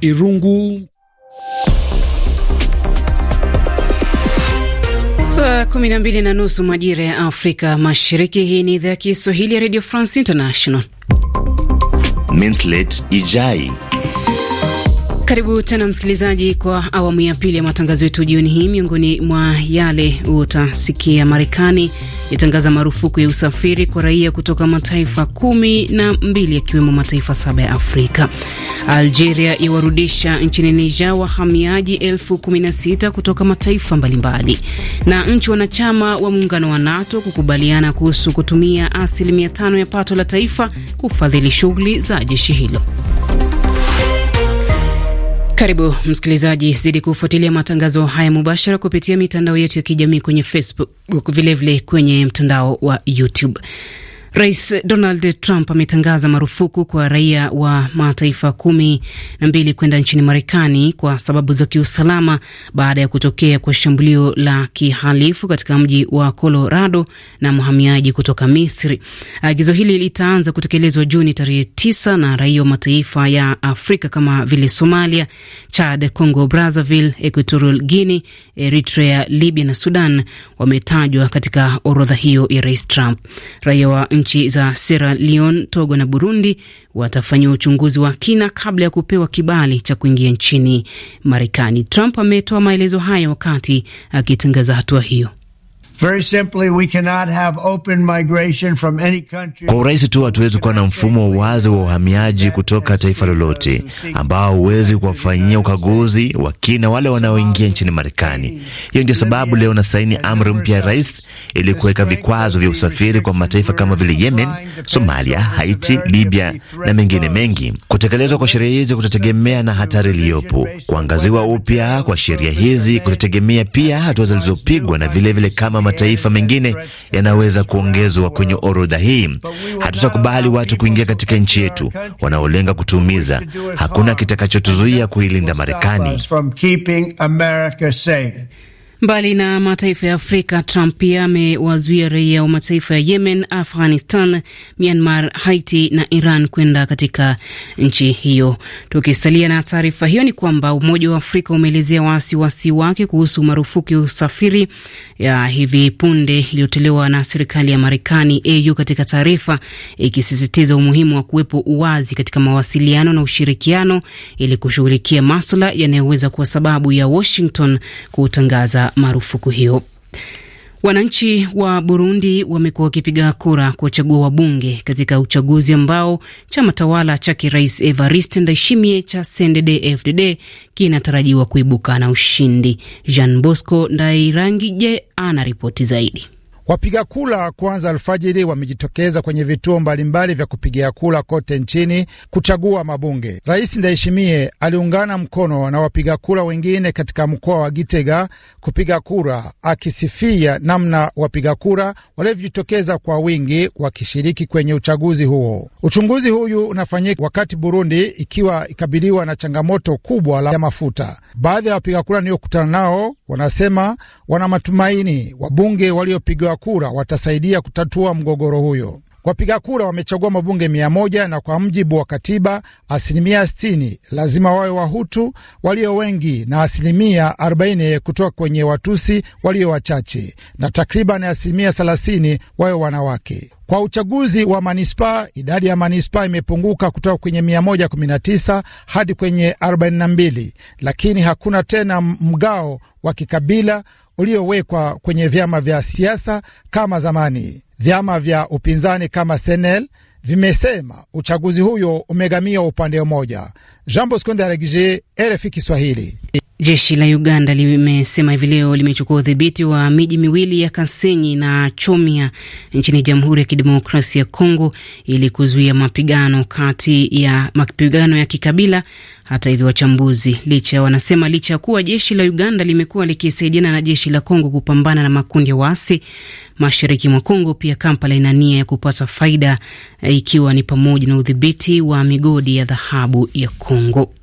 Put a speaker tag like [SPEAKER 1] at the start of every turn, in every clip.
[SPEAKER 1] Irungu.
[SPEAKER 2] Saa 12 na nusu majira ya Afrika Mashariki. Hii ni idhaa ya Kiswahili ya Radio France International.
[SPEAKER 3] minslate Ijai
[SPEAKER 2] karibu tena msikilizaji, kwa awamu ya pili ya matangazo yetu jioni hii. Miongoni mwa yale utasikia, Marekani itangaza marufuku ya usafiri kwa raia kutoka mataifa kumi na mbili yakiwemo mataifa saba ya Afrika. Algeria iwarudisha nchini Niger wahamiaji elfu kumi na sita kutoka mataifa mbalimbali, na nchi wanachama wa muungano wa NATO kukubaliana kuhusu kutumia asilimia tano ya pato la taifa kufadhili shughuli za jeshi hilo. Karibu msikilizaji, zidi kufuatilia matangazo haya mubashara kupitia mitandao yetu ya kijamii kwenye Facebook, vilevile vile kwenye mtandao wa YouTube. Rais Donald Trump ametangaza marufuku kwa raia wa mataifa kumi na mbili kwenda nchini Marekani kwa sababu za kiusalama baada ya kutokea kwa shambulio la kihalifu katika mji wa Colorado na mhamiaji kutoka Misri. Agizo hili litaanza kutekelezwa Juni tarehe tisa na raia wa mataifa ya Afrika kama vile Somalia, Chad, Congo Brazzaville, Equatorial Guinea, Eritrea, Libya na Sudan wametajwa katika orodha hiyo ya Rais Trump. Raia wa nchi za Sierra Leone, Togo na Burundi watafanyia uchunguzi wa kina kabla ya kupewa kibali cha kuingia nchini Marekani. Trump ametoa maelezo haya wakati akitangaza
[SPEAKER 3] hatua hiyo. Very simply, we cannot have open migration from any country. Kwa urahisi tu hatuwezi kuwa na mfumo wazi wa uhamiaji kutoka taifa lolote ambao huwezi kuwafanyia ukaguzi wa kina wale wanaoingia nchini Marekani. Hiyo ndio sababu leo na saini amri mpya ya rais ili kuweka vikwazo vya usafiri kwa mataifa kama vile Yemen, Somalia, Haiti, Libya na mengine mengi. Kutekelezwa kwa sheria hizi kutategemea na hatari iliyopo. Kuangaziwa upya kwa sheria hizi kutategemea pia hatua zilizopigwa na vilevile vile kama mataifa mengine yanaweza kuongezwa kwenye orodha hii. Hatutakubali watu kuingia katika nchi yetu wanaolenga kutuumiza. Hakuna kitakachotuzuia kuilinda Marekani.
[SPEAKER 2] Mbali na mataifa ya Afrika, Trump pia amewazuia raia wa mataifa ya Yemen, Afghanistan, Myanmar, Haiti na Iran kwenda katika nchi hiyo. Tukisalia na taarifa hiyo, ni kwamba Umoja wa Afrika umeelezea wasiwasi wake kuhusu marufuku ya usafiri ya hivi punde iliyotolewa na serikali ya Marekani, AU, katika taarifa ikisisitiza umuhimu wa kuwepo uwazi katika mawasiliano na ushirikiano ili kushughulikia maswala yanayoweza kuwa sababu ya Washington kutangaza marufuku hiyo. Wananchi wa Burundi wamekuwa wakipiga kura kuwachagua wabunge katika uchaguzi ambao chama tawala cha kirais Evariste Ndayishimiye cha CNDD FDD kinatarajiwa kuibuka na ushindi. Jean Bosco Ndairangije
[SPEAKER 4] ana ripoti zaidi. Wapiga kula kwanza alfajiri wamejitokeza kwenye vituo mbalimbali vya kupigia kula kote nchini kuchagua mabunge. Rais Ndayishimiye aliungana mkono na wapiga kula wengine katika mkoa wa Gitega kupiga kura, akisifia namna wapiga kura walivyojitokeza kwa wingi wakishiriki kwenye uchaguzi huo. Uchunguzi huyu unafanyika wakati Burundi ikiwa ikabiliwa na changamoto kubwa la ya mafuta. Baadhi ya wapiga kura niliokutana nao wanasema wana matumaini wabunge waliopigwa kura watasaidia kutatua mgogoro huyo. Wapiga kura wamechagua mabunge mia moja na kwa mjibu wa katiba asilimia sitini lazima wawe Wahutu walio wengi na asilimia arobaini kutoka kwenye Watusi walio wachache na takriban asilimia thelathini wawe wanawake. Kwa uchaguzi wa manispaa, idadi ya manispaa imepunguka kutoka kwenye 119 hadi kwenye 42, lakini hakuna tena mgao wa kikabila uliowekwa kwenye vyama vya siasa kama zamani. Vyama vya upinzani kama Senel vimesema uchaguzi huyo umegamia upande mmoja. Jean Bosco Ndaragije, RFI Kiswahili.
[SPEAKER 2] Jeshi la Uganda limesema hivi leo limechukua udhibiti wa miji miwili ya Kasenyi na Chomia nchini Jamhuri ya Kidemokrasia ya Kongo ili kuzuia mapigano kati ya mapigano ya kikabila. Hata hivyo, wachambuzi licha wanasema licha ya kuwa jeshi la Uganda limekuwa likisaidiana na jeshi la Kongo kupambana na makundi ya waasi mashariki mwa Kongo, pia Kampala ina nia ya kupata faida eh, ikiwa ni pamoja na udhibiti wa migodi ya dhahabu ya Kongo. Kongo.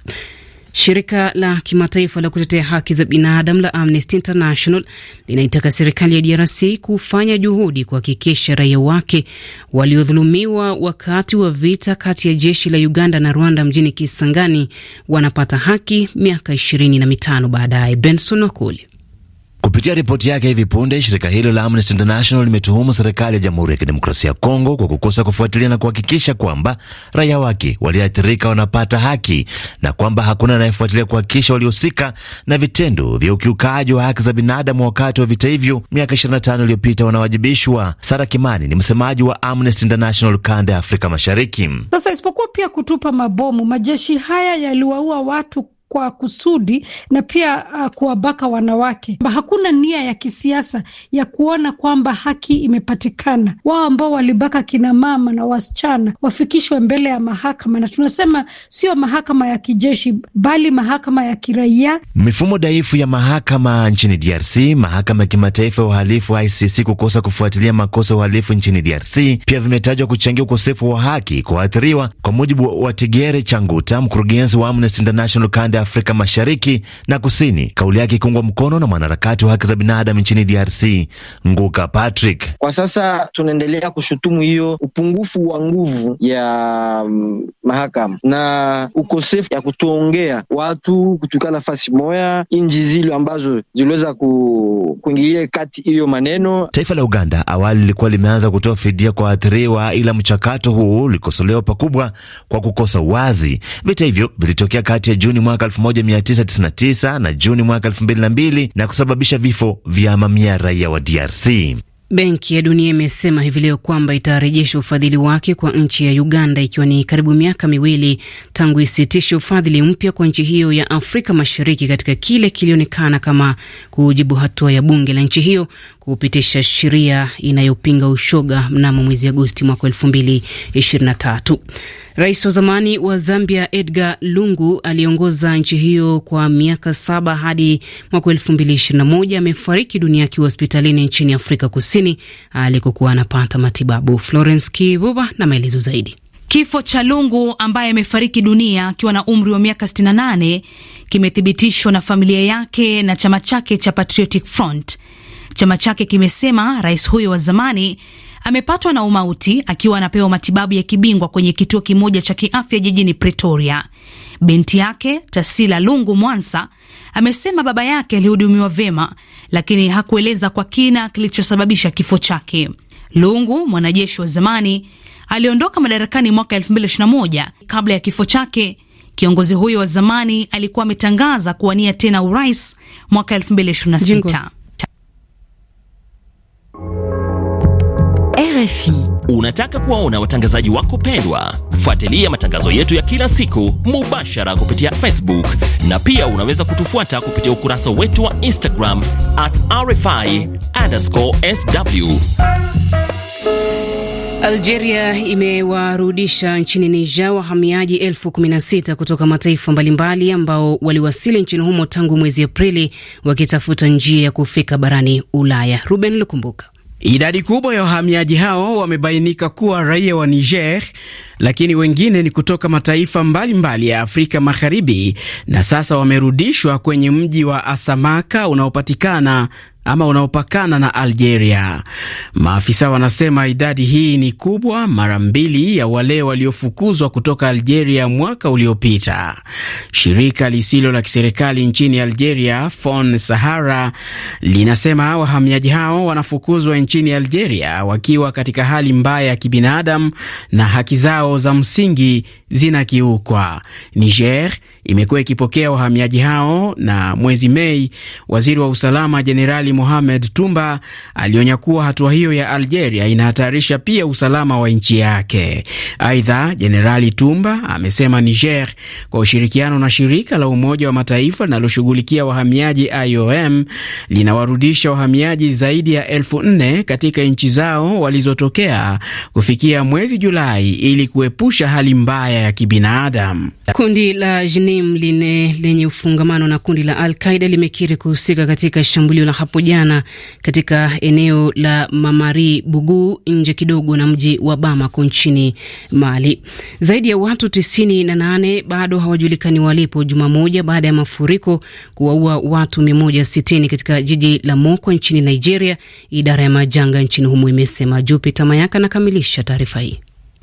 [SPEAKER 2] Shirika la kimataifa la kutetea haki za binadamu la Amnesty International linaitaka serikali ya DRC kufanya juhudi kuhakikisha raia wake waliodhulumiwa wakati wa vita kati ya jeshi la Uganda na Rwanda mjini Kisangani wanapata haki miaka ishirini na mitano baadaye. Benson Wakoli.
[SPEAKER 3] Kupitia ripoti yake hivi punde, shirika hilo la Amnesty International limetuhumu serikali ya Jamhuri ya Kidemokrasia ya Kongo kwa kukosa kufuatilia na kuhakikisha kwamba raia wake walioathirika wanapata haki na kwamba hakuna anayefuatilia kuhakikisha waliohusika na vitendo vya ukiukaji wa haki za binadamu wakati wa vita hivyo miaka 25 iliyopita wanawajibishwa. Sara Kimani ni msemaji wa Amnesty International kanda ya Afrika Mashariki.
[SPEAKER 5] Sasa isipokuwa pia kutupa mabomu, majeshi haya yaliwaua watu kwa kusudi na pia uh, kuwabaka wanawake. Hakuna nia ya kisiasa ya kuona kwamba haki imepatikana. Wao ambao walibaka kina mama na wasichana wafikishwe mbele ya mahakama, na tunasema sio mahakama ya kijeshi, bali mahakama ya kiraia.
[SPEAKER 3] Mifumo dhaifu ya mahakama nchini DRC, mahakama ya kimataifa ya uhalifu ICC kukosa kufuatilia makosa ya uhalifu nchini DRC pia vimetajwa kuchangia ukosefu wa haki kuathiriwa kwa mujibu wa Tigere Changuta, mkurugenzi wa Amnesty International kanda ya Afrika Mashariki na Kusini, kauli yake ikiungwa mkono na mwanaharakati wa haki za binadamu nchini DRC Nguka Patrick.
[SPEAKER 6] Kwa sasa tunaendelea kushutumu hiyo upungufu wa nguvu ya mm, mahakama na ukosefu ya kutuongea watu kutukaa nafasi moya, nchi zile ambazo ziliweza ku, kuingilia kati hiyo maneno.
[SPEAKER 3] Taifa la Uganda awali lilikuwa limeanza kutoa fidia kwa waathiriwa, ila mchakato huu ulikosolewa pakubwa kwa kukosa uwazi. Vita hivyo vilitokea kati ya Juni mwaka 1999 na Juni mwaka 2002 na kusababisha vifo vya mamia raia wa DRC.
[SPEAKER 2] Benki ya Dunia imesema hivi leo kwamba itarejesha ufadhili wake kwa nchi ya Uganda ikiwa ni karibu miaka miwili tangu isitishe ufadhili mpya kwa nchi hiyo ya Afrika Mashariki katika kile kilionekana kama kujibu hatua ya bunge la nchi hiyo kupitisha sheria inayopinga ushoga mnamo mwezi Agosti mwaka 2023. Rais wa zamani wa Zambia Edgar Lungu aliongoza nchi hiyo kwa miaka saba hadi mwaka moja amefariki dunia akiwa hospitalini nchini Afrika Kusini alikokuwa anapata matibabu. Florence Kivuba na maelezo zaidi. Kifo cha Lungu ambaye amefariki dunia akiwa na umri wa miaka 68 kimethibitishwa na familia yake na chama chake cha Patriotic Front. Chama chake kimesema rais huyo wa zamani amepatwa na umauti akiwa anapewa matibabu ya kibingwa kwenye kituo kimoja cha kiafya jijini Pretoria. Binti yake Tasila Lungu Mwansa amesema baba yake alihudumiwa vyema, lakini hakueleza kwa kina kilichosababisha kifo chake. Lungu, mwanajeshi wa zamani, aliondoka madarakani mwaka 2021. Kabla ya kifo chake, kiongozi huyo wa zamani alikuwa ametangaza kuwania tena urais mwaka 2026.
[SPEAKER 3] RFI. Unataka kuwaona watangazaji wako pendwa? Fuatilia matangazo yetu ya kila siku mubashara kupitia Facebook na pia unaweza kutufuata kupitia ukurasa wetu wa Instagram at RFI underscore sw.
[SPEAKER 2] Algeria imewarudisha nchini Niger wahamiaji elfu kumi na sita kutoka mataifa mbalimbali ambao waliwasili nchini humo tangu mwezi Aprili wakitafuta njia ya kufika barani Ulaya.
[SPEAKER 6] Ruben Lukumbuka. Idadi kubwa ya wahamiaji hao wamebainika kuwa raia wa Niger, lakini wengine ni kutoka mataifa mbalimbali mbali ya Afrika Magharibi, na sasa wamerudishwa kwenye mji wa Asamaka unaopatikana ama unaopakana na Algeria. Maafisa wanasema idadi hii ni kubwa mara mbili ya wale waliofukuzwa kutoka Algeria mwaka uliopita. Shirika lisilo la kiserikali nchini Algeria, Fon Sahara, linasema wahamiaji hao wanafukuzwa nchini Algeria wakiwa katika hali mbaya ya kibinadamu na haki zao za msingi zinakiukwa. Niger imekuwa ikipokea wahamiaji hao, na mwezi Mei waziri wa usalama Jenerali Mohamed Tumba alionya kuwa hatua hiyo ya Algeria inahatarisha pia usalama wa nchi yake. Aidha, Jenerali Tumba amesema Niger kwa ushirikiano na shirika la Umoja wa Mataifa linaloshughulikia wahamiaji IOM linawarudisha wahamiaji zaidi ya elfu nne katika nchi zao walizotokea kufikia mwezi Julai ili kuepusha hali mbaya ya kibinadamu.
[SPEAKER 2] Kundi la jnim line lenye ufungamano na kundi la Al Qaida limekiri kuhusika katika shambulio la hapo jana katika eneo la Mamari Bugu, nje kidogo na mji wa Bamako nchini Mali. Zaidi ya watu tisini na nane bado hawajulikani walipo, juma moja baada ya mafuriko kuwaua watu mia moja sitini katika jiji la Moko nchini Nigeria, idara ya majanga nchini humo imesema. Jupita Mayaka anakamilisha taarifa hii.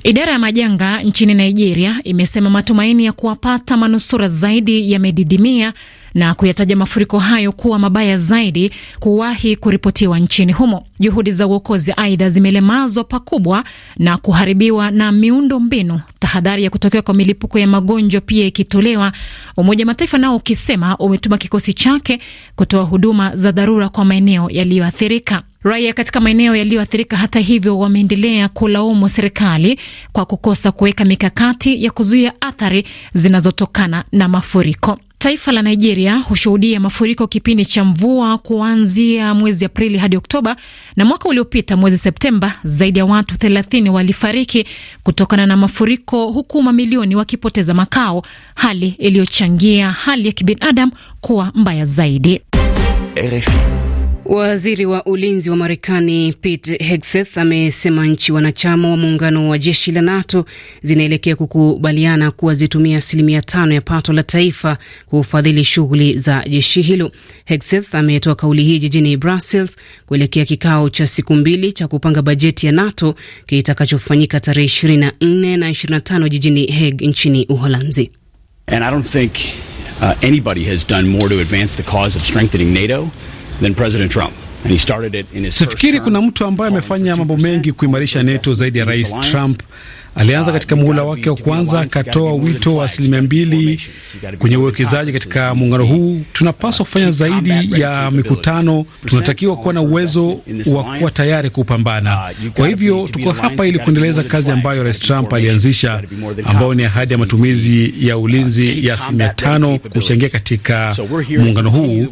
[SPEAKER 5] Idara ya majanga nchini Nigeria imesema matumaini ya kuwapata manusura zaidi yamedidimia na kuyataja mafuriko hayo kuwa mabaya zaidi kuwahi kuripotiwa nchini humo. Juhudi za uokozi aidha zimelemazwa pakubwa na kuharibiwa na miundo mbinu tahadhari ya kutokea kwa milipuko ya magonjwa pia ikitolewa, Umoja wa Mataifa nao ukisema umetuma kikosi chake kutoa huduma za dharura kwa maeneo yaliyoathirika. Raia katika maeneo yaliyoathirika, hata hivyo, wameendelea kulaumu serikali kwa kukosa kuweka mikakati ya kuzuia athari zinazotokana na mafuriko. Taifa la Nigeria hushuhudia mafuriko kipindi cha mvua kuanzia mwezi Aprili hadi Oktoba, na mwaka uliopita mwezi Septemba zaidi ya watu 30 walifariki kutokana na mafuriko, huku mamilioni wakipoteza makao, hali iliyochangia hali ya kibinadamu kuwa mbaya zaidi.
[SPEAKER 1] RFI.
[SPEAKER 2] Waziri wa ulinzi wa Marekani Pete Hegseth amesema nchi wanachama wa muungano wa jeshi la NATO zinaelekea kukubaliana kuwa zitumia asilimia tano ya pato la taifa kufadhili shughuli za jeshi hilo. Hegseth ametoa kauli hii jijini Brussels kuelekea kikao cha siku mbili cha kupanga bajeti ya NATO kitakachofanyika tarehe 24 na 25 jijini Hague nchini Uholanzi.
[SPEAKER 1] And I don't think,
[SPEAKER 6] uh, anybody has done more to advance the cause of strengthening NATO than President Trump.
[SPEAKER 1] Sifikiri kuna mtu ambaye amefanya mambo mengi kuimarisha NATO zaidi ya Rais Trump Alianza katika muhula wake wa kwanza, akatoa wito wa asilimia mbili kwenye uwekezaji katika muungano huu. Tunapaswa kufanya zaidi ya mikutano, tunatakiwa kuwa na uwezo wa kuwa tayari kupambana. Kwa hivyo tuko hapa ili kuendeleza kazi ambayo Rais Trump alianzisha, ambayo ni ahadi ya matumizi ya ulinzi ya asilimia tano kuchangia katika muungano huu,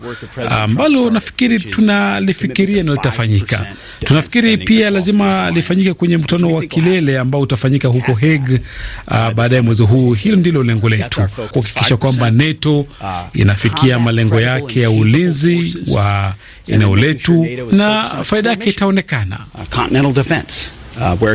[SPEAKER 1] ambalo nafikiri tunalifikiria na litafanyika. Tunafikiri pia lazima lifanyike kwenye mkutano wa kilele ambao utafanyika huko Hague uh, baadaye mwezi huu. hili ndilo lengo letu, kuhakikisha kwamba NATO ah. inafikia malengo yake ya ulinzi wa eneo letu na faida yake itaonekana. Uh, uh,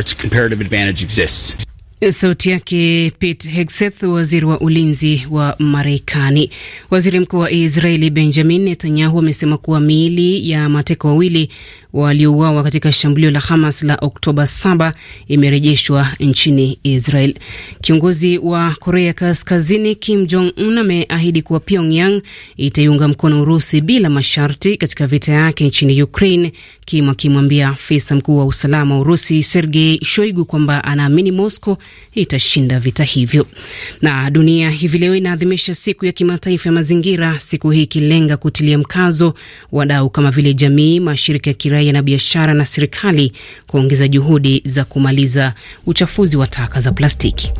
[SPEAKER 2] Sauti yake Pete Hegseth, waziri wa ulinzi wa Marekani. Waziri mkuu wa Israeli Benjamin Netanyahu amesema kuwa miili ya mateka wawili waliouawa katika shambulio la Hamas la Oktoba 7 imerejeshwa nchini Israel. Kiongozi wa Korea Kaskazini Kim Jong Un ameahidi kuwa Pyongyang itaiunga mkono Urusi bila masharti katika vita yake nchini Ukraine, Kim akimwambia afisa mkuu wa usalama wa Urusi Sergei Shoigu kwamba anaamini Moscow itashinda vita hivyo. Na dunia hivi leo inaadhimisha siku ya kimataifa ya mazingira, siku hii ikilenga kutilia mkazo wadau kama vile jamii, mashirika ya kiraia na biashara na serikali kuongeza juhudi za kumaliza uchafuzi wa taka
[SPEAKER 3] za plastiki.